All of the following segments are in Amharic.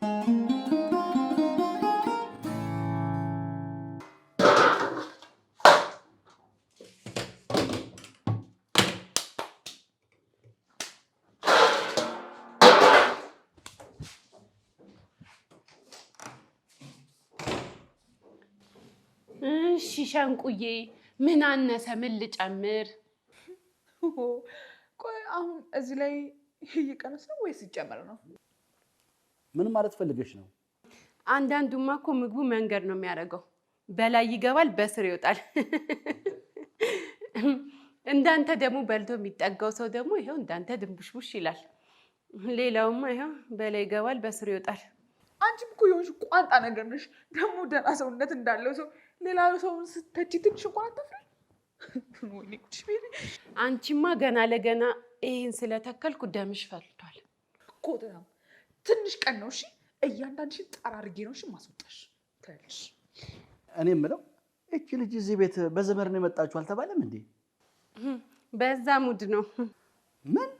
እሺ ሸንቁዬ፣ ምን አነሰ? ምን ልጨምር? ቆይ አሁን እዚህ ላይ ይቀነስ ነው ወይስ ይጨመር ነው? ምን ማለት ፈልገሽ ነው? አንዳንዱማ እኮ ምግቡ መንገድ ነው የሚያደርገው። በላይ ይገባል፣ በስር ይወጣል። እንዳንተ ደግሞ በልቶ የሚጠጋው ሰው ደግሞ ይኸው እንዳንተ ድንቡሽቡሽ ይላል። ሌላውማ ይኸው በላይ ይገባል፣ በስር ይወጣል። አንቺም እኮ የሆንሽ ቋንጣ ነገር ነሽ። ደግሞ ደህና ሰውነት እንዳለው ሰው ሌላ ሰውን ስተቺ ትንሽ እንኳን አታፍሪ። አንቺማ ገና ለገና ይህን ስለተከልኩ ደምሽ ፈልቷል እኮ ትንሽ ቀን ነው እሺ። እያንዳንድሽን ጣራ ነው እሺ ማስወጣሽ እኔ የምለው እቺ ልጅ እዚህ ቤት በዘመር ነው የመጣችሁ አልተባለም እንዴ? በዛ ሙድ ነው። ምን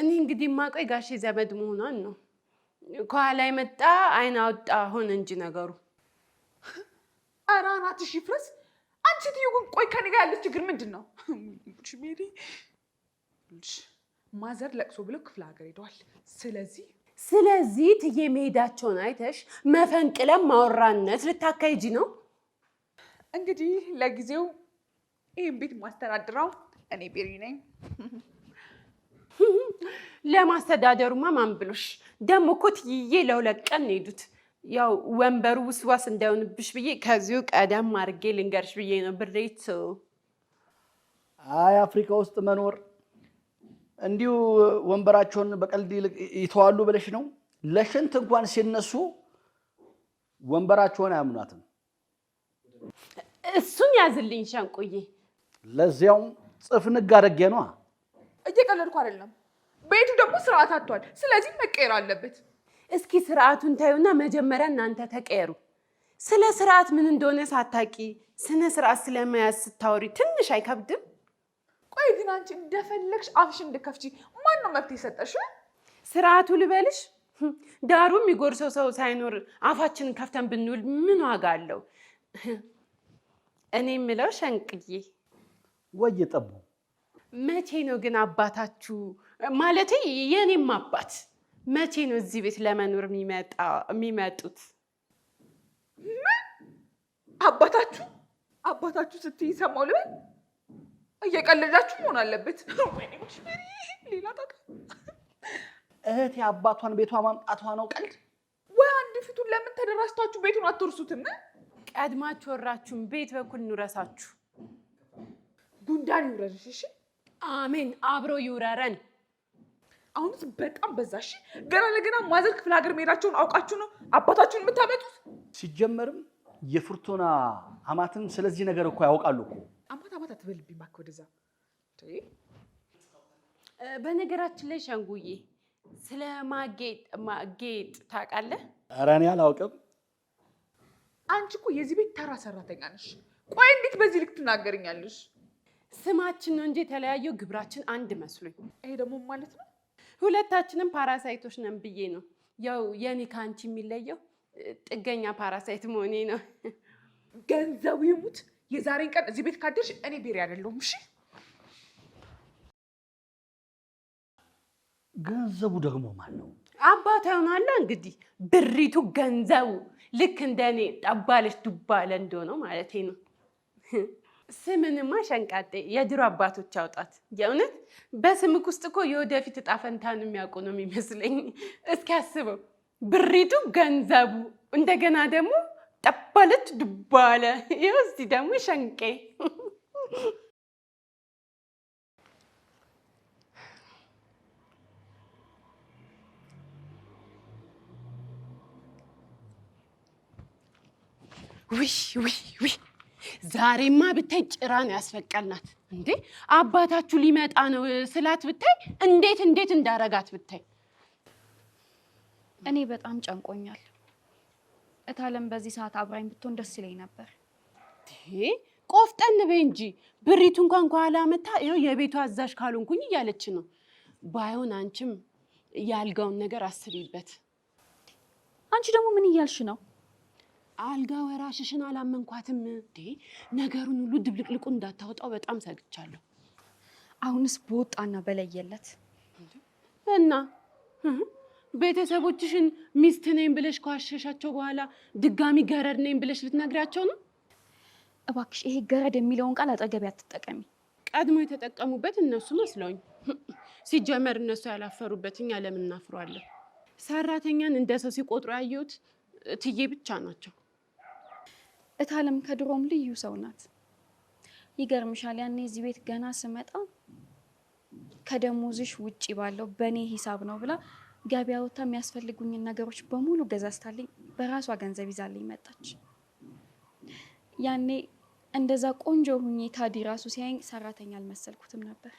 እኔ እንግዲህ ማቀይ ጋሼ ዘመድ መሆኗን ነው። ከኋላ የመጣ አይን አወጣ ሆነ እንጂ ነገሩ። ኧረ አናትሽ ይፍረስ። አንድ ሴትዮ ግን ቆይ ከኔ ጋር ያለች ችግር ምንድን ነው? ማዘር ለቅሶ ብለው ክፍለ ሀገር ሄደዋል። ስለዚህ ስለዚህ እትዬ መሄዳቸውን አይተሽ መፈንቅለም ማወራነት ልታካሂጂ ነው? እንግዲህ ለጊዜው ይህን ቤት ማስተዳድረው እኔ ቤሪ ነኝ። ለማስተዳደሩማ ማን ብሎሽ? ደግሞ እኮ ትይዬ ለሁለት ቀን ሄዱት። ያው ወንበሩ ውስዋስ እንዳይሆንብሽ ብዬ ከዚሁ ቀደም አድርጌ ልንገርሽ ብዬ ነው። ብሬት አይ አፍሪካ ውስጥ መኖር እንዲሁ ወንበራቸውን በቀልድ ይተዋሉ ብለሽ ነው? ለሽንት እንኳን ሲነሱ ወንበራቸውን አያምኗትም። እሱን ያዝልኝ ሸንቁዬ። ለዚያውም ጽፍንግ አድርጌ ነዋ። እየቀለድኩ አይደለም። ቤቱ ደግሞ ስርዓት አጥቷል። ስለዚህ መቀየር አለበት። እስኪ ስርዓቱን ታዩና መጀመሪያ እናንተ ተቀየሩ። ስለ ስርዓት ምን እንደሆነ ሳታቂ ስነ ስርዓት ስለመያዝ ስታወሪ ትንሽ አይከብድም? ቆይ ግን አንቺ እንደፈለግሽ አፍሽ እንድከፍቺ ማን ነው መብት የሰጠሽ? ስርዓቱ ልበልሽ። ዳሩ የሚጎርሰው ሰው ሳይኖር አፋችንን ከፍተን ብንውል ምን ዋጋ አለው? እኔ የምለው ሸንቅዬ፣ ወይ ጠቡ፣ መቼ ነው ግን አባታችሁ ማለት የእኔም አባት መቼ ነው እዚህ ቤት ለመኖር የሚመጡት? ምን አባታችሁ አባታችሁ ስትይ ሰማሁ ልበል እየቀለዳችሁ መሆን አለበት። ሌላ እህቴ አባቷን ቤቷ ማምጣቷ ነው ቀልድ ወይ? አንድ ፊቱን ለምን ተደራጅታችሁ ቤቱን አትወርሱትም? ቀድማችሁ ወራችሁን ቤት በኩል እንውረሳችሁ። ዱንዳን ይውረርሽ። እሺ፣ አሜን። አብሮ ይውረረን። አሁንስ በጣም በዛ። እሺ፣ ገና ለገና ማዘር ክፍለ ሀገር መሄዳቸውን አውቃችሁ ነው አባታችሁን የምታመጡት። ሲጀመርም የፍርቱና አማትም ስለዚህ ነገር እኮ ያውቃሉ እኮ ማታ ትበልብኝ እባክህ ወደዛ። በነገራችን ላይ ሸንጉዬ ስለ ማጌጥ ማጌጥ ታውቃለህ? ኧረ እኔ አላውቅም። አንቺ እኮ የዚህ ቤት ተራ ሰራተኛ ነሽ። ቆይ እንዴት በዚህ ልክ ትናገርኛለሽ? ስማችን ነው እንጂ የተለያየው ግብራችን አንድ መስሎኝ። ይሄ ደግሞ ማለት ነው ሁለታችንም ፓራሳይቶች ነን ብዬ ነው። ያው የኔ ከአንቺ የሚለየው ጥገኛ ፓራሳይት መሆኔ ነው። ገንዘቡ ይሙት የዛሬን ቀን እዚህ ቤት ካደርሽ እኔ ቤሪ አይደለሁም። እሺ። ገንዘቡ ደግሞ ማን ነው? አባት ይሆናላ። እንግዲህ ብሪቱ ገንዘቡ ልክ እንደ እኔ ጠባለች ዱባለ እንደሆነው ማለት ነው። ስምንማ ሸንቃጤ የድሮ አባቶች አውጣት። የእውነት በስምክ ውስጥ እኮ የወደፊት እጣ ፈንታን የሚያውቁ ነው የሚመስለኝ። እስኪ አስበው ብሪቱ ገንዘቡ እንደገና ደግሞ ጠባለች ድባለ ይኸው ደግሞ ሸንቄ ውይ ውይ ውይ ዛሬማ ብታይ ጭራ ነው ያስፈቀልናት። እንዴ አባታችሁ ሊመጣ ነው ስላት ብታይ እንዴት እንዴት እንዳረጋት ብታይ። እኔ በጣም ጨንቆኛል። እታለም በዚህ ሰዓት አብራኝ ብትሆን ደስ ይለኝ ነበር። ቆፍጠን በይ እንጂ ብሪቱ እንኳን ከኋላ መታ የቤቱ አዛዥ ካልሆንኩኝ እያለች ነው። ባይሆን አንቺም ያልጋውን ነገር አስቢበት። አንቺ ደግሞ ምን እያልሽ ነው? አልጋ ወራሽሽን አላመንኳትም። ነገሩን ሁሉ ድብልቅልቁ እንዳታወጣው በጣም ሰግቻለሁ። አሁንስ በወጣና በለየለት እና ቤተሰቦችሽን ሚስት ነኝ ብለሽ ከዋሸሻቸው በኋላ ድጋሚ ገረድ ነኝ ብለሽ ልትነግሪያቸው ነው? እባክሽ ይሄ ገረድ የሚለውን ቃል አጠገቢ አትጠቀሚ። ቀድሞ የተጠቀሙበት እነሱ መስለውኝ። ሲጀመር እነሱ ያላፈሩበት እኛ ለምን እናፍሯለን? ሰራተኛን እንደ ሰው ሲቆጥሩ ያየሁት እትዬ ብቻ ናቸው። እታለም ከድሮም ልዩ ሰው ናት። ይገርምሻል፣ ያኔ እዚህ ቤት ገና ስመጣ ከደሞዝሽ ውጪ ባለው በእኔ ሂሳብ ነው ብላ ገበያ ወጥታ የሚያስፈልጉኝን ነገሮች በሙሉ ገዛዝታልኝ በራሷ ገንዘብ ይዛልኝ መጣች። ያኔ እንደዛ ቆንጆ ሁኜ ታዲ ራሱ ሲያየኝ ሰራተኛ አልመሰልኩትም ነበር።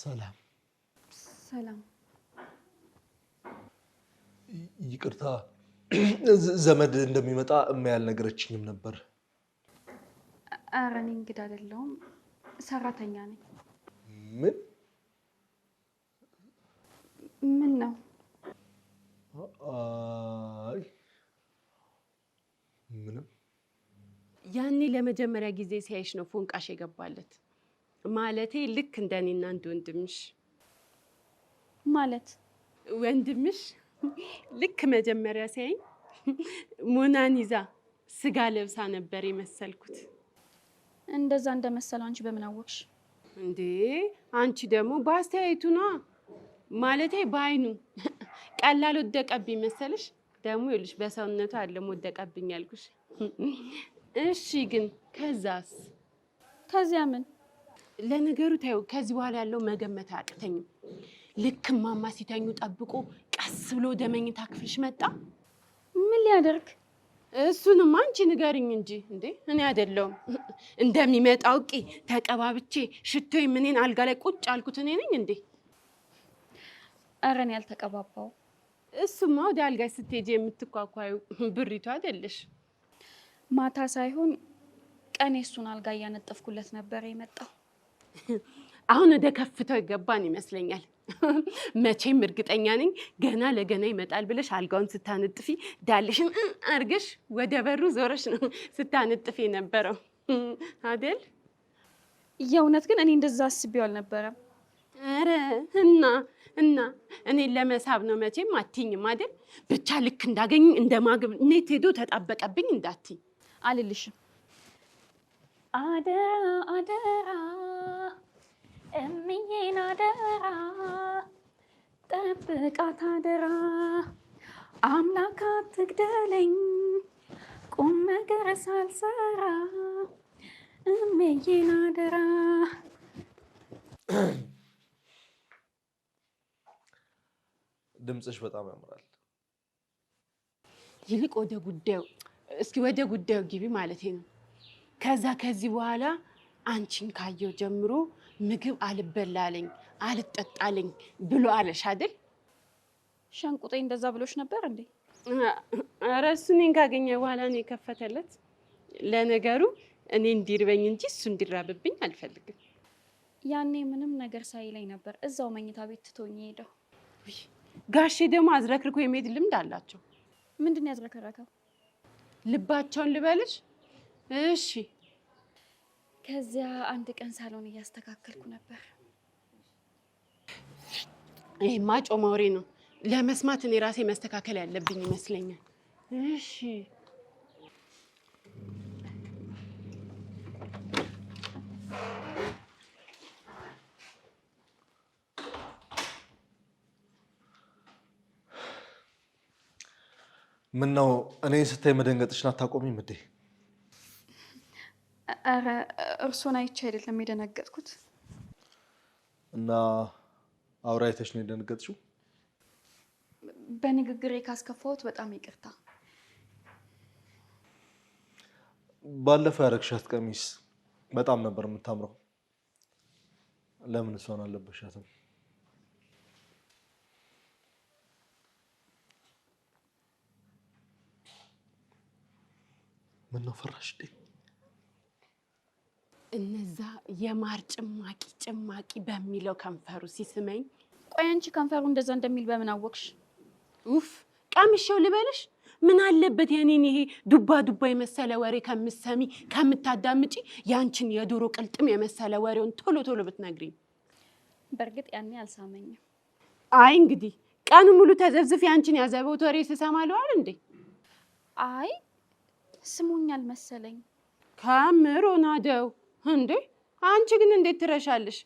ሰላም ሰላም። ይቅርታ ዘመድ እንደሚመጣ እማዬ አልነገረችኝም ነበር። ኧረ እኔ እንግዳ አይደለሁም፣ ሰራተኛ ነኝ። ምን ምን ነው? አይ ምንም። ያኔ ለመጀመሪያ ጊዜ ሲያይሽ ነው ፎንቃሽ የገባለት። ማለቴ ልክ እንደኔና እንደ ወንድምሽ ማለት ወንድምሽ ልክ መጀመሪያ ሲያይኝ ይዛ ስጋ ለብሳ ነበር የመሰልኩት። እንደዛ እንደመሰለው አንቺ በምን አወቅሽ እንዴ? አንቺ ደግሞ በአስተያየቱ ነዋ። ማለቴ በአይኑ ቀላል ወደቀብኝ መሰልሽ። ደግሞ ይኸውልሽ በሰውነቱ አለም ወደቀብኝ ያልኩሽ። እሺ ግን ከዛስ? ከዚያ ምን ለነገሩ ታዩ ከዚህ በኋላ ያለው መገመት አያቅተኝም። ልክ ማማ ሲተኙ ጠብቆ ቀስ ብሎ ወደ መኝታ ክፍልሽ መጣ። ምን ሊያደርግ? እሱንም አንቺ ንገርኝ እንጂ እንዴ እኔ አይደለሁም እንደሚመጣ አውቄ ተቀባብቼ ሽቶ ምኔን አልጋ ላይ ቁጭ አልኩት። እኔ ነኝ እንዴ? ኧረ እኔ ያልተቀባባው። እሱማ ወደ አልጋ ስትሄጂ የምትኳኳዩ ብሪቱ አይደለሽ? ማታ ሳይሆን ቀኔ እሱን አልጋ እያነጠፍኩለት ነበር የመጣው አሁን ወደ ከፍተው ይገባን ይመስለኛል። መቼም እርግጠኛ ነኝ ገና ለገና ይመጣል ብለሽ አልጋውን ስታነጥፊ ዳልሽን አርገሽ ወደ በሩ ዞረሽ ነው ስታነጥፊ የነበረው አደል? የእውነት ግን እኔ እንደዛ አስቤው አልነበረም። ኧረ እና እና እኔን ለመሳብ ነው መቼም አትይኝም አደል? ብቻ ልክ እንዳገኝ እንደ ማግኘት ሄዶ ተጣበቀብኝ እንዳትይ አልልሽም። አደራ አደራ እምዬን አደራ ጠብቃት አደራ አምላክ አትግደለኝ ቁም ነገር ሳልሰራ እምዬን አደራ። ድምፅሽ በጣም ያምራል። ይልቅ ወደ ጉዳዩ እስኪ ወደ ጉዳዩ ግቢ ማለት ነው። ከዛ ከዚህ በኋላ አንቺን ካየው ጀምሮ ምግብ አልበላለኝ አልጠጣልኝ ብሎ አለሽ አይደል? ሸንቁጤ እንደዛ ብሎሽ ነበር እንዴ? ኧረ እሱ እኔን ካገኘ በኋላ ነው የከፈተለት። ለነገሩ እኔ እንዲርበኝ እንጂ እሱ እንዲራብብኝ አልፈልግም። ያኔ ምንም ነገር ሳይለኝ ነበር እዛው መኝታ ቤት ትቶኝ ሄደው። ጋሼ ደግሞ አዝረክርኮ የመሄድ ልምድ አላቸው። ምንድን ነው ያዝረከረከው? ልባቸውን ልበልሽ እሺ። ከዚያ አንድ ቀን ሳሎን እያስተካከልኩ ነበር። ይህ ማጮ ወሬ ነው ለመስማት እኔ ራሴ መስተካከል ያለብኝ ይመስለኛል። እሺ። ምን ነው እኔ ስታይ መደንገጥሽን አታቆሚም እንዴ? ኧረ እርሶን አይቼ አይደለም የደነገጥኩት። እና አውራ አይተሽ ነው የደነገጥሽው? በንግግሬ ካስከፋሁት በጣም ይቅርታ። ባለፈው ያረግሻት ቀሚስ በጣም ነበር የምታምረው። ለምን እሷን አለበሻትም? ምን ነው ፈራሽ? እነዛ የማር ጭማቂ ጭማቂ በሚለው ከንፈሩ ሲስመኝ፣ ቆይ አንቺ ከንፈሩ እንደዛ እንደሚል በምን አወቅሽ? ኡፍ ቀምሼው ልበልሽ። ምን አለበት የኔን ይሄ ዱባ ዱባ የመሰለ ወሬ ከምሰሚ ከምታዳምጪ፣ ያንቺን የዶሮ ቅልጥም የመሰለ ወሬውን ቶሎ ቶሎ ብትነግሪኝ። በእርግጥ ያኔ አልሳመኝም። አይ እንግዲህ ቀኑ ሙሉ ተዘብዝፍ ያንቺን ያዘበውት ወሬ ስሰማ ለዋል እንዴ? አይ ስሙኛል መሰለኝ። ከምሮ ናደው እንዴ አንቺ ግን እንዴት ትረሻለሽ?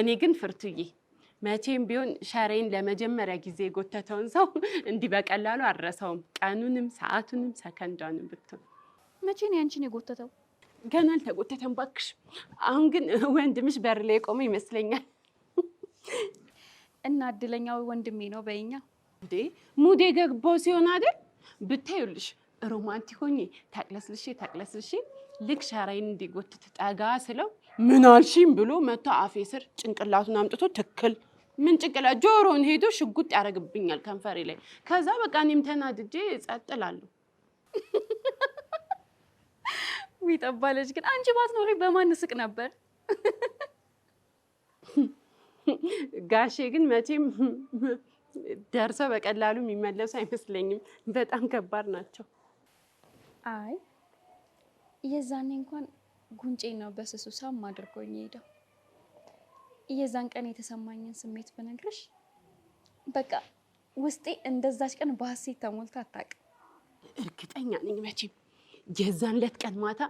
እኔ ግን ፍርቱዬ መቼም ቢሆን ሸሬን ለመጀመሪያ ጊዜ የጎተተውን ሰው እንዲህ በቀላሉ አልረሳውም። ቀኑንም ሰዓቱንም ሰከንዷንም ብትሆን። መቼ ነው ያንቺን የጎተተው? ገና አልተጎተተም ባክሽ። አሁን ግን ወንድምሽ በር ላይ የቆመ ይመስለኛል። እና እድለኛው ወንድሜ ነው በይኛ። እንዴ ሙዴ ገግቦ ሲሆን አይደል ብታዩልሽ፣ ሮማንቲክ ሆኜ ተቅለስልሼ ተቅለስልሼ ልክ ሸራይን እንዲጎትት ጠጋ ስለው ምን አልሽኝ ብሎ መቶ አፌ ስር ጭንቅላቱን አምጥቶ ትክል ምን ጭንቅላት ጆሮን ሄዶ ሽጉጥ ያደርግብኛል ከንፈሬ ላይ። ከዛ በቃ እኔም ተናድጄ ጸጥ እላለሁ። ይጠባለች ግን አንቺ ባትኖሪ በማን ስቅ ነበር? ጋሼ ግን መቼም ደርሰው በቀላሉ የሚመለስ አይመስለኝም። በጣም ከባድ ናቸው። አይ የዛኔ እንኳን ጉንጬ ነው በስሱ ሳም አድርጎኝ ሄደው። የዛን ቀን የተሰማኝን ስሜት ብነግርሽ በቃ ውስጤ እንደዛች ቀን በሀሴት ተሞልታ አታውቅም። እርግጠኛ ነኝ መቼም የዛን ዕለት ቀን ማታ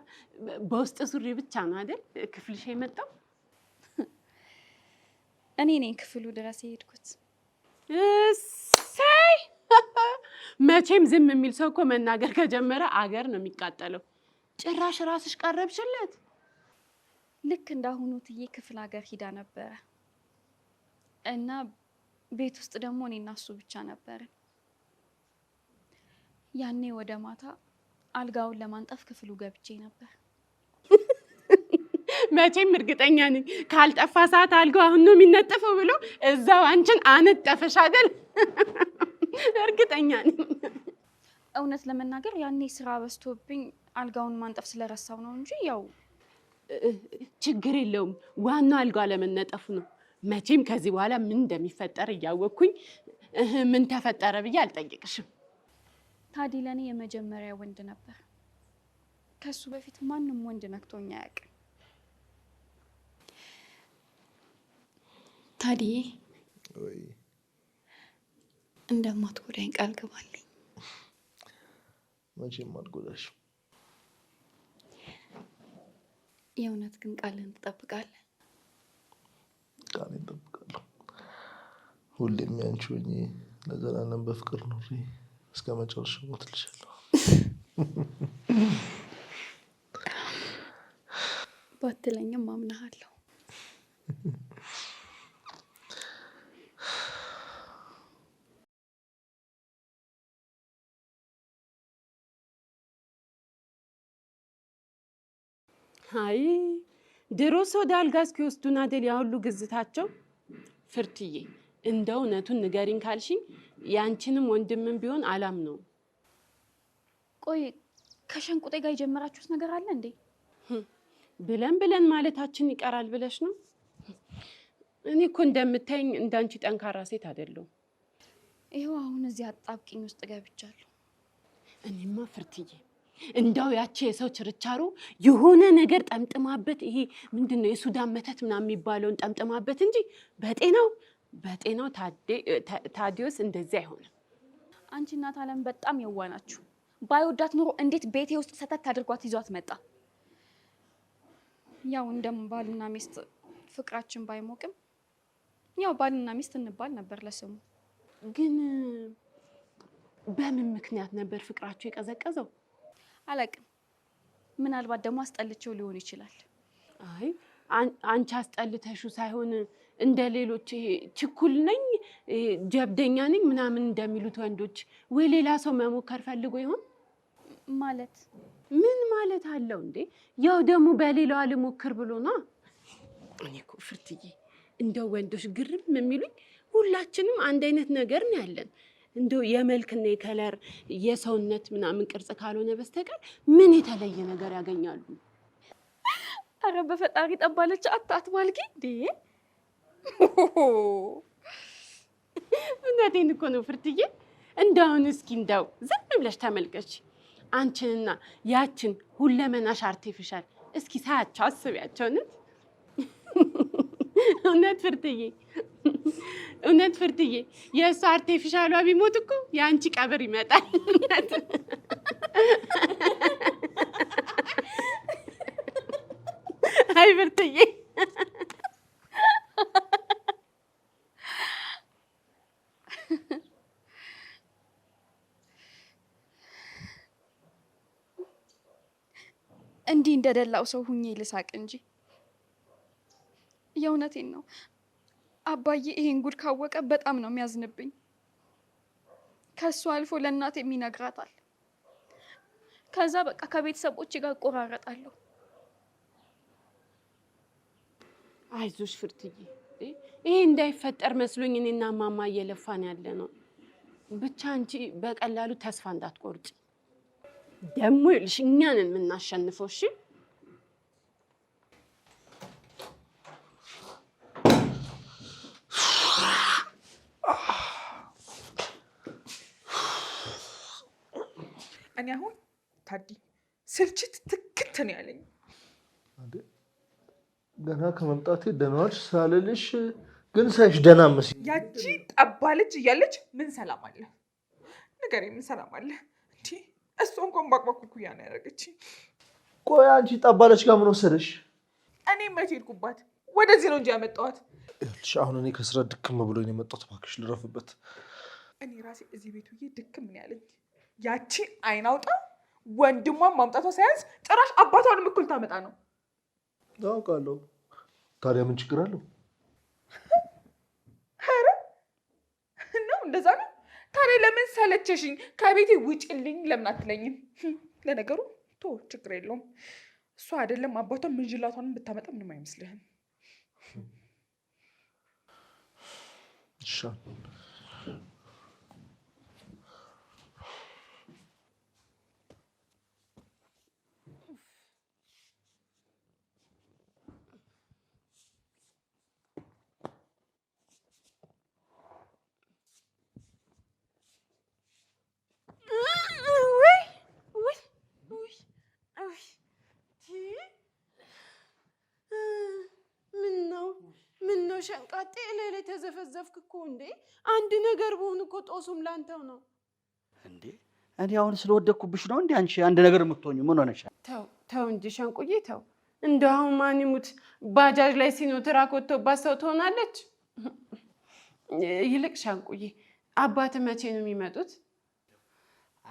በውስጥ ሱሪ ብቻ ነው አይደል ክፍልሽ የመጣው? እኔ ነኝ ክፍሉ ድረስ የሄድኩት። እሰይ! መቼም ዝም የሚል ሰው እኮ መናገር ከጀመረ አገር ነው የሚቃጠለው። ጭራሽ ራስሽ ቀረብሽለት። ልክ እንዳሁኑ ትዬ ክፍለ ሀገር ሂዳ ነበረ እና ቤት ውስጥ ደግሞ እኔ እና እሱ ብቻ ነበርን። ያኔ ወደ ማታ አልጋውን ለማንጠፍ ክፍሉ ገብቼ ነበር። መቼም እርግጠኛ ነኝ ካልጠፋ ሰዓት አልጋው አሁን ነው የሚነጠፈው ብሎ እዛው አንቺን አነጠፈሽ አይደል? እርግጠኛ ነኝ። እውነት ለመናገር ያኔ ስራ በዝቶብኝ አልጋውን ማንጠፍ ስለረሳው ነው እንጂ ያው ችግር የለውም። ዋናው አልጋ አለመነጠፉ ነው። መቼም ከዚህ በኋላ ምን እንደሚፈጠር እያወቅኩኝ ምን ተፈጠረ ብዬ አልጠይቅሽም። ታዲ ለእኔ የመጀመሪያ ወንድ ነበር። ከሱ በፊት ማንም ወንድ ነክቶኝ አያውቅም። ታዲ እንደማትጎዳኝ ቃል ግባልኝ። መቼም አልጎዳሽም። የእውነት ግን ቃልን ትጠብቃለህ? ቃሌን እጠብቃለሁ። ሁሌም ያንቺ ሆኜ ለዘላለም በፍቅር ኖሬ እስከ መጨረሻ ሞት እሞትልሻለሁ። ባትለኝም አምናሃለሁ። አይ ድሮ ወደ አልጋ እስኪወስዱን አደል ያሁሉ ግዝታቸው። ፍርትዬ እንደ እውነቱን ንገሪን ካልሽኝ ያንቺንም ወንድምን ቢሆን አላም ነው። ቆይ ከሸንቁጤ ጋር የጀመራችሁት ነገር አለ እንዴ? ብለን ብለን ማለታችን ይቀራል ብለሽ ነው? እኔ እኮ እንደምታይኝ እንዳንቺ ጠንካራ ሴት አይደለሁም። ይኸው አሁን እዚህ አጣብቂኝ ውስጥ ገብቻለሁ። እኔማ ፍርትዬ እንደው ያቺ የሰው ችርቻሩ የሆነ ነገር ጠምጥማበት ይሄ ምንድን ነው የሱዳን መተት ምና የሚባለውን ጠምጥማበት እንጂ በጤናው በጤናው ታዲዮስ እንደዚህ አይሆንም። አንቺ እናት አለም በጣም የዋ ናችሁ። ባይወዳት ኑሮ እንዴት ቤቴ ውስጥ ሰተት አድርጓት ይዟት መጣ? ያው እንደም ባልና ሚስት ፍቅራችን ባይሞቅም ያው ባልና ሚስት እንባል ነበር ለስሙ። ግን በምን ምክንያት ነበር ፍቅራቸው የቀዘቀዘው? አላቅም። ምናልባት ደግሞ አስጠልቸው ሊሆን ይችላል። አይ አንቺ አስጠልተሹ ሳይሆን እንደ ሌሎች ችኩል ነኝ፣ ጀብደኛ ነኝ ምናምን እንደሚሉት ወንዶች ወይ ሌላ ሰው መሞከር ፈልጎ ይሆን ማለት ምን ማለት አለው እንዴ? ያው ደግሞ በሌላዋ ልሞክር ብሎ ና። እኔ እኮ ፍርትዬ እንደ ወንዶች ግርም የሚሉኝ ሁላችንም አንድ አይነት ነገር ነው ያለን እንደው የመልክና የከለር የሰውነት ምናምን ቅርጽ ካልሆነ በስተቀር ምን የተለየ ነገር ያገኛሉ? አረ በፈጣሪ ጠባለች አታት ማልጊ እንዴ! እውነቴን እኮ ነው ፍርትዬ። እንዳሁን እስኪ እንዳው ዝም ብለሽ ተመልከች አንቺንና ያችን ሁለመናሽ አርቲፊሻል እስኪ ሳያቸው አስቢያቸው። እውነት እውነት ፍርትዬ እውነት ፍርድዬ፣ የእሱ አርቴፊሻሏ ቢሞት እኮ የአንቺ ቀብር ይመጣል። አይ ፍርድዬ፣ እንዲህ እንደደላው ሰው ሁኜ ልሳቅ እንጂ የእውነቴን ነው። አባዬ ይሄን ጉድ ካወቀ በጣም ነው የሚያዝንብኝ። ከሱ አልፎ ለእናቴም ይነግራታል። ከዛ በቃ ከቤተሰቦች ጋር እቆራረጣለሁ። አይዞሽ ፍርትዬ፣ ይሄ እንዳይፈጠር መስሎኝ እኔና ማማ እየለፋን ያለ ነው። ብቻ አንቺ በቀላሉ ተስፋ እንዳትቆርጭ። ደግሞ ይልሽ እኛንን የምናሸንፈው እሺ። እኔ አሁን ታዲ ስልችት ትክት ነው ያለኝ። ገና ከመምጣቴ ደህና ዋልሽ ግን ሳይሽ ደህና መስ ያቺ ጠባ ልጅ እያለች ምን ሰላም አለ ነገር ምን ሰላም አለ እንዲ እሱ እንኳን ባቅባኩኩያ ነው ያደረገች። ቆይ አንቺ ጠባለች ጋር ምን ወሰደሽ? እኔ መት ሄድኩባት? ወደዚህ ነው እንጂ ያመጣኋት። ይኸውልሽ አሁን እኔ ከስራ ድክም ብሎኝ ነው የመጣሁት። እባክሽ ልረፍበት። እኔ ራሴ እዚህ ቤት ድክም ነው ያለኝ። ያቺ አይናውጣ ወንድሟን ማምጣቷ ሳያንስ ጭራሽ አባቷንም እኩል ታመጣ ነው። ታውቃለሁ። ታዲያ ምን ችግር አለው? ኧረ ነው እንደዛ ነው። ታዲያ ለምን ሰለቸሽኝ፣ ከቤቴ ውጭልኝ ለምን አትለኝም? ለነገሩ ቶ ችግር የለውም። እሷ አይደለም አባቷን ምንጅላቷንም ብታመጣ ምንም አይመስልህም። ላጤ ላይ ተዘፈዘፍክ እኮ እንዴ! አንድ ነገር በሆን እኮ ጦሱም ላንተው ነው እንዴ! እኔ አሁን ስለወደኩብሽ ነው እንዴ? አንቺ አንድ ነገር የምትሆኙ ምን ሆነሻል? ተው ተው እንጂ ሸንቁዬ ተው። እንደው አሁን ማን ይሙት ባጃጅ ላይ ሲኖ ትራክ ወጥቶባት ሰው ትሆናለች። ይልቅ ሻንቁዬ አባት መቼ ነው የሚመጡት?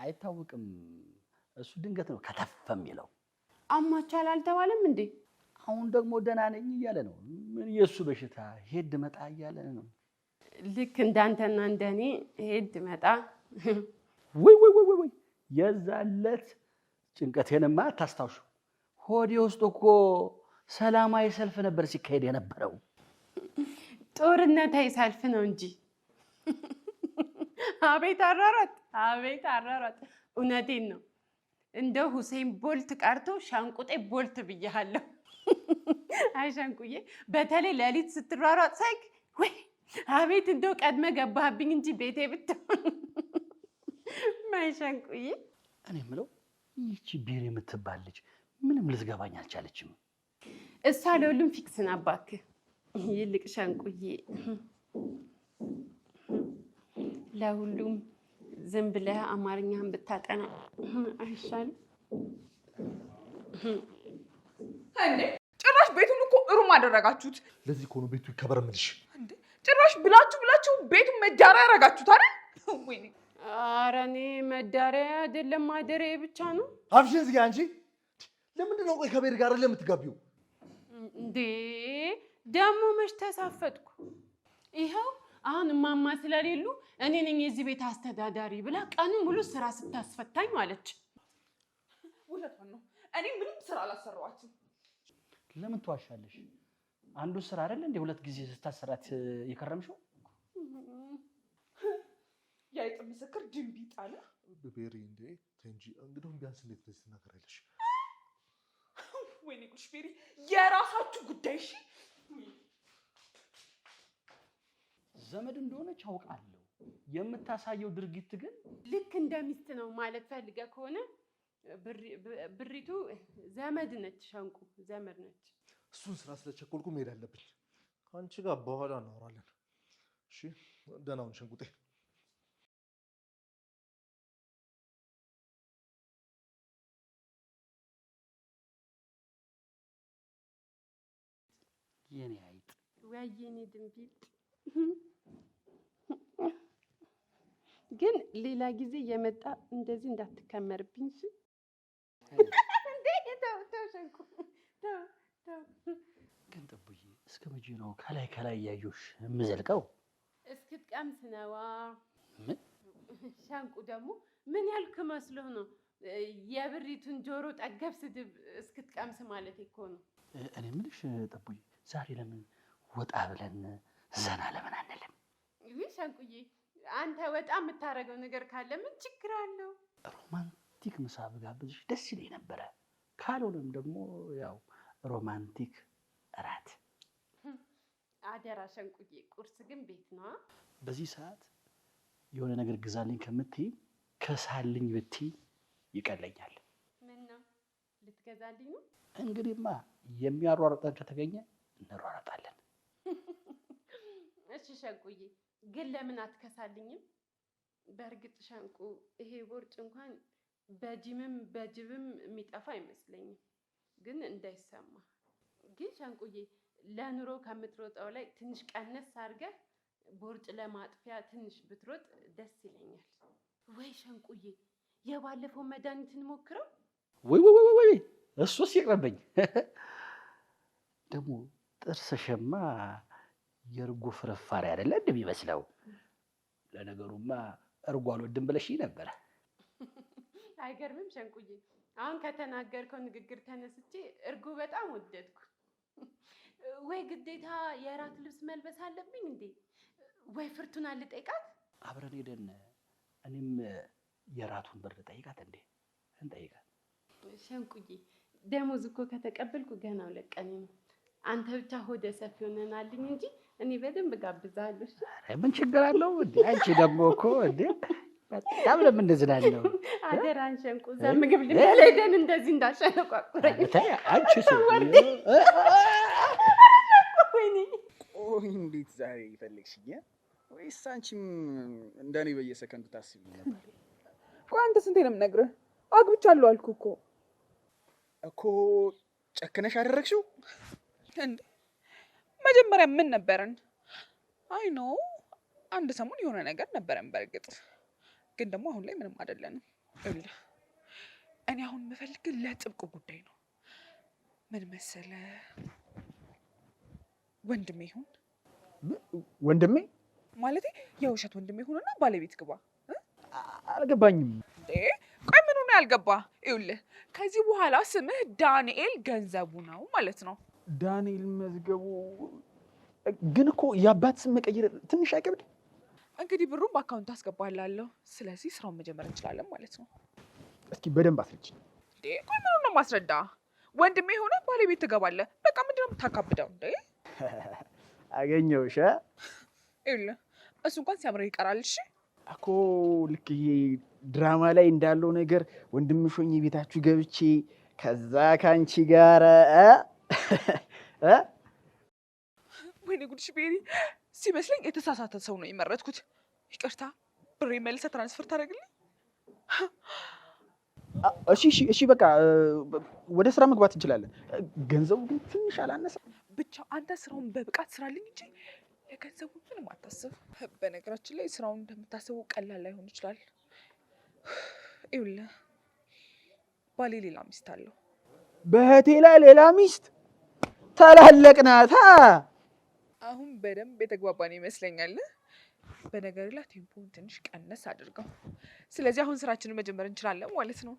አይታወቅም። እሱ ድንገት ነው ከተፈም የሚለው። አማቻል አልተባለም እንዴ? አሁን ደግሞ ደህና ነኝ እያለ ነው። ምን የእሱ በሽታ ሄድ መጣ እያለ ነው። ልክ እንዳንተና እንደኔ ሄድ መጣ። ወይ የዛለት ጭንቀቴንማ ታስታውሹ። ሆዴ ውስጥ እኮ ሰላማዊ ሰልፍ ነበር ሲካሄድ የነበረው። ጦርነታዊ ሰልፍ ነው እንጂ። አቤት አራራት፣ አቤት አራራት። እውነቴን ነው። እንደው ሁሴን ቦልት ቀርቶ ሻንቁጤ ቦልት ብያለሁ። አይሸንቁዬ በተለይ ሌሊት ስትሯሯጥ ሳይክ ወይ አቤት እንደው ቀድመ ገባህብኝ እንጂ ቤቴ ብትሆን ማይሸንቁዬ። እኔ የምለው ይቺ ቢር የምትባል ልጅ ምንም ልትገባኝ አልቻለችም። እሷ ለሁሉም ፊክስ ናት። እባክህ ይልቅ ሸንቁዬ ለሁሉም ዝም ብለህ አማርኛህን ብታጠና አይሻልም? እሩም አደረጋችሁት። ለዚህ ከሆኑ ቤቱ ይከበር የምልሽ ጭራሽ ብላችሁ ብላችሁ ቤቱ መዳሪያ ያደረጋችሁት አይደል? ኧረ እኔ መዳሪያ አይደለም ማደሪያ ብቻ ነው። አፍሽን ዝጊ አንቺ። ለምንድን ነው ቆይ ከቤት ጋር ለምትጋቢው እንዴ? ደግሞ መች ተሳፈጥኩ። ይኸው አሁን እማማ ስለሌሉ እኔ ነኝ የዚህ ቤት አስተዳዳሪ ብላ ቀኑን ሙሉ ስራ ስታስፈታኝ ማለች። እውነቷን ነው። እኔ ምንም ስራ አላሰራኋችሁም ለምን ትዋሻለሽ? አንዱን ስራ አይደል እንደ ሁለት ጊዜ ስታሰራት የከረምሽው? የአይጥ ምስክር ድንቢ ጣለ ብቤሪ እንዴ እንጂ እንግዲሁም ቢያንስ እንዴት እንደዚህ ትናገራለሽ? ወይኔ ጉድሽ ቤሪ፣ የራሳችሁ ጉዳይ እሺ። ዘመድ እንደሆነች አውቃለሁ። የምታሳየው ድርጊት ግን ልክ እንደ ሚስት ነው ማለት ፈልገህ ከሆነ ብሪቱ ዘመድ ነች፣ ሸንቁ ዘመድ ነች። እሱን ስራ ስለቸኮልኩ መሄድ አለብኝ። ከአንቺ ጋር በኋላ እናወራለን። እሺ፣ ደህና ሁን ሸንቁጤ። የኔ አይጥ ወይ የኔ ድንቢጥ። ግን ሌላ ጊዜ የመጣ እንደዚህ እንዳትከመርብኝ ግን ጥቡዬ እስከ መቼ ነው ከላይ ከላይ እያየሁሽ የምዘልቀው? እስክትቀምስ ነዋ። ምን ሻንቁ ደግሞ ምን ያልክ መስሎህ ነው? የብሪቱን ጆሮ ጠገብ ስድብ እስክትቀምስ ማለት እኮ ነው። እኔ የምልሽ ጥቡዬ፣ ዛሬ ለምን ወጣ ብለን ዘና ለምን አንልም? ይህ ሻንቁዬ፣ አንተ ወጣ የምታደርገው ነገር ካለ ምን ችግር አለው? ሮማን ሮማንቲክ ምሳ ብጋብዝሽ ደስ ይለኝ ነበረ። ካልሆነም ደግሞ ያው ሮማንቲክ እራት አደራ ሸንቁዬ። ቁርስ ግን ቤት ነዋ። በዚህ ሰዓት የሆነ ነገር ግዛልኝ ከምትይ ከሳልኝ ብትይ ይቀለኛል። ምን ነው ልትገዛልኝ? እንግዲህማ የሚያሯርጠን ከተገኘ እንሯረጣለን። እሺ ሸንቁዬ፣ ግን ለምን አትከሳልኝም? በእርግጥ ሸንቁ፣ ይሄ ቦርጭ እንኳን በጅምም በጅብም የሚጠፋ አይመስለኝም። ግን እንዳይሰማ ግን ሸንቁዬ ለኑሮ ከምትሮጠው ላይ ትንሽ ቀነስ አድርገህ ቦርጭ ለማጥፊያ ትንሽ ብትሮጥ ደስ ይለኛል። ወይ ሸንቁዬ የባለፈው መድኃኒት ሞክረው ወይ ወይ ወይ ወይ እሱ ሲቀረበኝ ደግሞ ሸማ የእርጎ ፍርፋሪ አይደለ እንደሚመስለው። ለነገሩማ እርጎ አልወድም ብለሽኝ ነበረ። አይገርምም? ሸንቁዬ አሁን ከተናገርከው ንግግር ተነስቼ እርጎ በጣም ወደድኩ። ወይ ግዴታ የእራት ልብስ መልበስ አለብኝ እንዴ? ወይ ፍርቱና ልጠይቃት? አብረን ሄደን እኔም የራቱን ብር ጠይቃት እንዴ? እንጠይቃት። ሸንቁዬ ደሞዝ እኮ ከተቀበልኩ ገናው ሁለት ነው። አንተ ብቻ ሆደ ሰፊ ሆነናልኝ እንጂ እኔ በደንብ ጋብዛለሁ። ምን ችግር አለው? አንቺ ደግሞ እኮ እንዴ በጣም ለምን እንዝላለሁ? አደራን እዛ ምግብ ሄደን እንደዚህ እንዳሸነቋቁረኝ ቆይ እንዴት ዛሬ ወይስ አንቺም እንደኔ በየሰከንዱ ታስቢ ነበር? ቆይ አንተ ስንቴ ነው የምነግርህ? አግብቻለሁ አልኩ እኮ እኮ ጨክነሽ አደረግሽው። መጀመሪያ ምን ነበረን? አይ ነው አንድ ሰሞን የሆነ ነገር ነበረን በእርግጥ ግን ደግሞ አሁን ላይ ምንም አይደለንም። ይኸውልህ እኔ አሁን የምፈልግ ለጥብቅ ጉዳይ ነው። ምን መሰለ ወንድሜ ይሁን ወንድሜ ማለት የውሸት ወንድሜ ይሁንና ባለቤት ግባ። አልገባኝም። ቆይ ምን ሆነ ያልገባ? ይኸውልህ ከዚህ በኋላ ስምህ ዳንኤል ገንዘቡ ነው ማለት ነው። ዳንኤል መዝገቡ። ግን እኮ የአባት ስም መቀየር ትንሽ አይከብድም? እንግዲህ ብሩን በአካውንት አስገባላለሁ። ስለዚህ ስራውን መጀመር እንችላለን ማለት ነው። እስኪ በደንብ አስረጅ። እንዴ ቆይ ምኑን ነው ማስረዳ? ወንድሜ የሆነ ባለቤት ትገባለህ። በቃ ምንድን ነው የምታካብደው? እንዴ አገኘሁሽ። ይኸውልህ እሱ እንኳን ሲያምረው ይቀራል። እሺ እኮ ልክ ይሄ ድራማ ላይ እንዳለው ነገር ወንድምሽ ሆኜ ቤታችሁ ገብቼ ከዛ ከአንቺ ጋር ወይኔ ጉድሽ ቤሪ ሲመስለኝ የተሳሳተ ሰው ነው የመረጥኩት። ይቅርታ፣ ብሬ መልሰ ትራንስፈር ታደርግልኝ? እሺ፣ እሺ፣ እሺ። በቃ ወደ ስራ መግባት እንችላለን። ገንዘቡ ግን ትንሽ አላነሳ። ብቻ አንተ ስራውን በብቃት ስራልኝ እንጂ ለገንዘቡ ምንም አታስብ። በነገራችን ላይ ስራውን እንደምታስበው ቀላል ላይሆን ይችላል። ይኸውልህ ባሌ ሌላ ሚስት አለው። በእህቴ ላይ ሌላ ሚስት ተላለቅናታ አሁን በደንብ የተግባባን ይመስለኛል። በነገር ላይ ቴምፖን ትንሽ ቀነስ አድርገው። ስለዚህ አሁን ስራችንን መጀመር እንችላለን ማለት ነው።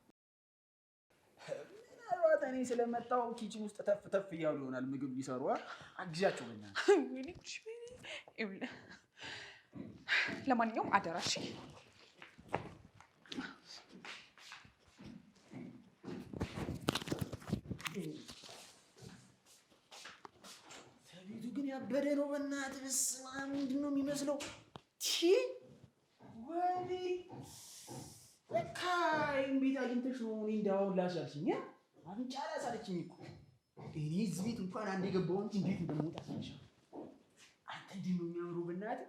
ምናልባት እኔ ስለመጣው ኪችን ውስጥ ተፍ ተፍ እያሉ ይሆናል ምግብ ሊሰሩ አግዣቸው። ለማንኛውም አደራሽ ያበደ ነው። በእናትህ በስመ አብ ምንድን ነው የሚመስለው? ወይኔ ለካ ይሄን ቤት አግኝተሽ ነው እኔ እንዳሁን ላሻልሽኝ። አፍንጫ ላሳለችኝ እኮ እኔ እዚህ ቤት እንኳን አንድ የገባሁ እንጂ እንዴት እንደምወጣ አንተ እንዴት ነው የሚያምረው በእናትህ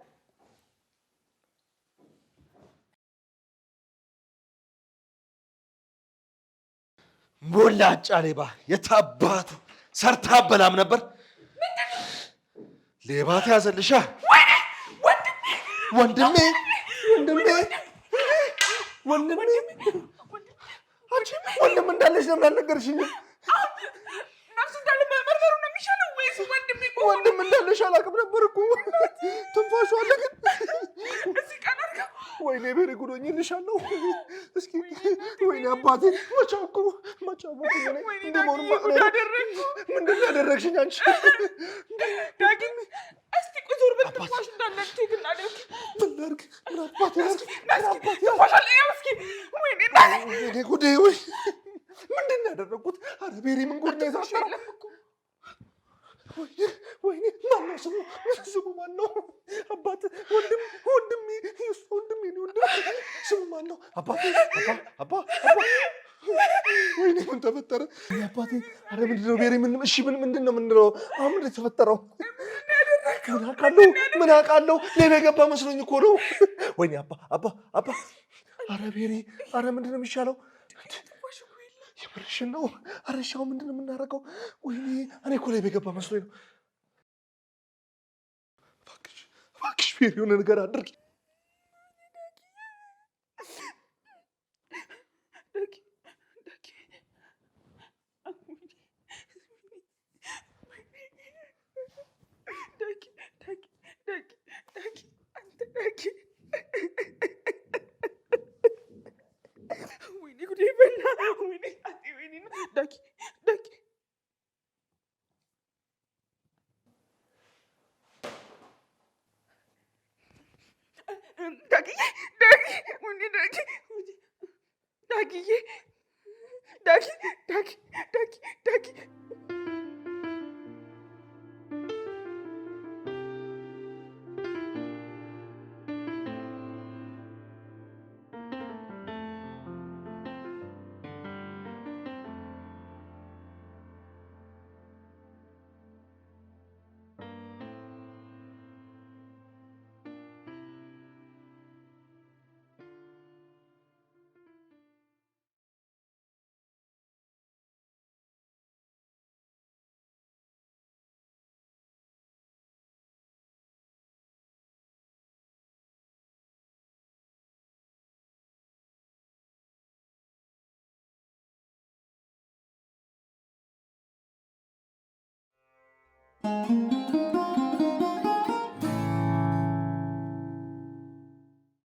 ሞላጫ ሌባ የታባቱ ሰርታ አበላም ነበር ሌባ ተያዘልሻ። ወንድሜ ወንድሜ ወንድሜ ወንድም እንዳለሽ ለምን አልነገርሽኝ? ወንድም እንዳለሽ አላውቅም ነበር እኮ ትንፋሹ አለ ግን ወይኔ ብርግ ሆኜልሻለሁ። እስኪ ወይኔ አባቴ መቻኩ መቻኩ ምንድን ነው ያደረግሽኝ አንቺ? ዳግም እስቲ ቁዙር ብትንፋሽ እንዳለች ትግናለች። ምን ላድርግ? ምን አባቴ ወይኔ ጉዴ! ወይ ምንድን ያደረግኩት? ኧረ ቤሪ ምን ጉድ ነው የዛሻ ወይኔ ማነው ስሙ? ስሙ ማነው? አባት ወንድም ወንድም ወንድም ወንድም ስሙ ማነው? አባቴ አባ አባ ወይኔ ምን ተፈጠረ? አባቴ አረ ምንድን ነው ምን እሺ፣ ምን ምንድን ነው ምንድን አሁን ምንድን የተፈጠረው? ምን አውቃለሁ ምን አውቃለሁ ሌባ የገባ መስሎኝ እኮ ነው። ወይኔ አባ አባ አባ አረ ብሔሬ አረ ምንድን የሚሻለው? የምርሽን ነው? አረሻው ምንድን ነው የምናደርገው? ወይኔ እኔ እኮ ላይ በገባ መስሎኝ ነው። እባክሽ እባክሽ ፌር የሆነ ነገር አድርጊ። daki, daki. ዳግዬ ዳግዬ ወይኔ ዳግዬ ዳግዬ ዳግዬ ዳግዬ ዳግዬ ዳግዬ Thank you.